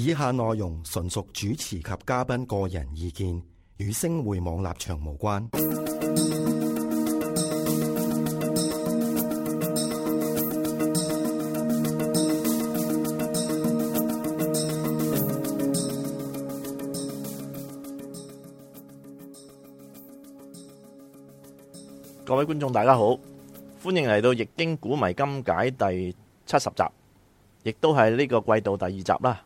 以下內容純屬主持及嘉賓個人意見，與星匯網立場無關。各位觀眾，大家好，歡迎嚟到《易經古謎今解》第七十集，亦都係呢個季度第二集啦。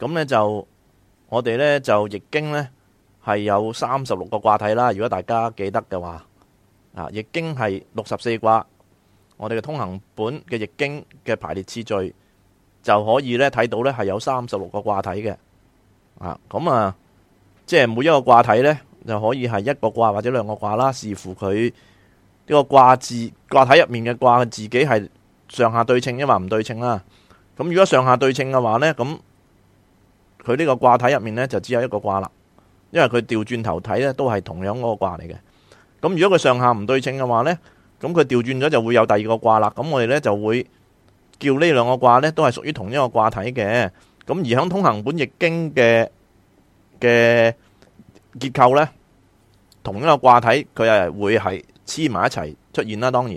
咁呢，就我哋呢，就易經呢，係有三十六個卦體啦。如果大家記得嘅話，啊易經係六十四卦，我哋嘅通行本嘅易經嘅排列次序就可以呢睇到呢係有三十六個卦體嘅啊。咁啊，即係每一個卦體呢，就可以係一個卦或者兩個卦啦，視乎佢呢個卦字卦體入面嘅卦自己係上下對稱，因為唔對稱啦。咁、啊、如果上下對稱嘅話呢。咁。佢呢個卦體入面呢，就只有一個卦啦，因為佢調轉頭睇呢，都係同樣嗰個卦嚟嘅。咁如果佢上下唔對稱嘅話呢，咁佢調轉咗就會有第二個卦啦。咁我哋呢，就會叫呢兩個卦呢，都係屬於同一個卦體嘅。咁而喺通行本易經嘅嘅結構咧，同一個卦體佢係會係黐埋一齊出現啦。當然，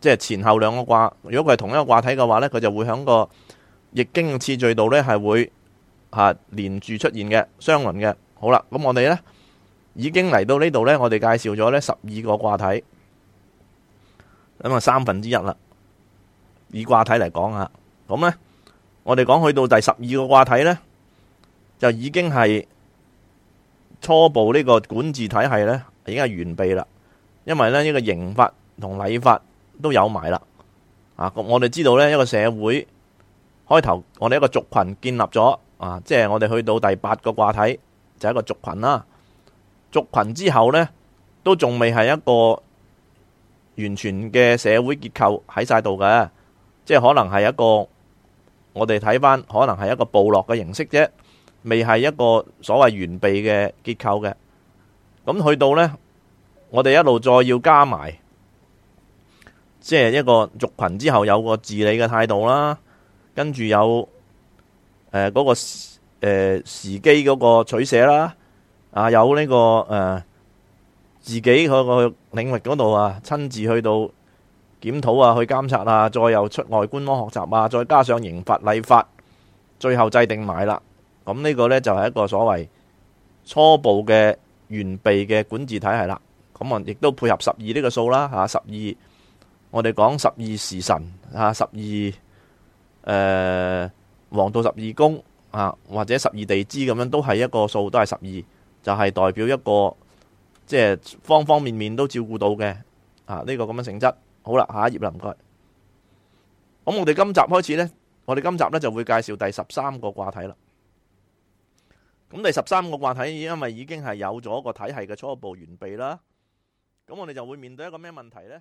即係前後兩個卦，如果佢係同一個卦體嘅話呢，佢就會喺個易經次序度呢，係會。吓連住出現嘅雙輪嘅好啦，咁我哋呢已經嚟到呢度呢，我哋介紹咗呢十二個卦體咁啊，三分之一啦。以卦體嚟講下咁呢我哋講去到第十二個卦體呢，就已經係初步呢個管治體系呢，已經係完備啦。因為呢呢個刑法同禮法都有埋啦。啊，我哋知道呢，一個社會開頭，我哋一個族群建立咗。啊，即係我哋去到第八個卦體，就係一個族群啦。族群之後呢，都仲未係一個完全嘅社會結構喺晒度嘅，即係可能係一個我哋睇翻，可能係一個部落嘅形式啫，未係一個所謂完備嘅結構嘅。咁去到呢，我哋一路再要加埋，即係一個族群之後有個治理嘅態度啦，跟住有。誒、呃，嗰、那個誒時機嗰個取捨啦，啊有呢、這個誒、呃、自己個去領域嗰度啊，親自去到檢討啊，去監察啊，再又出外觀摩學習啊，再加上刑法禮法，最後制定埋啦。咁、啊、呢個呢，就係、是、一個所謂初步嘅完備嘅管治體系啦。咁啊，亦都配合十二呢個數啦吓，十、啊、二我哋講十二時辰十二誒。啊十二，啊黃道十二宮啊，或者十二地支咁樣，都係一個數，都係十二，就係、是、代表一個即係、就是、方方面面都照顧到嘅啊！呢、這個咁樣嘅性質，好啦，下一頁啦，唔該。咁我哋今集開始呢，我哋今集呢就會介紹第十三個卦體啦。咁第十三個卦體，因為已經係有咗個體系嘅初步完備啦。咁我哋就會面對一個咩問題呢？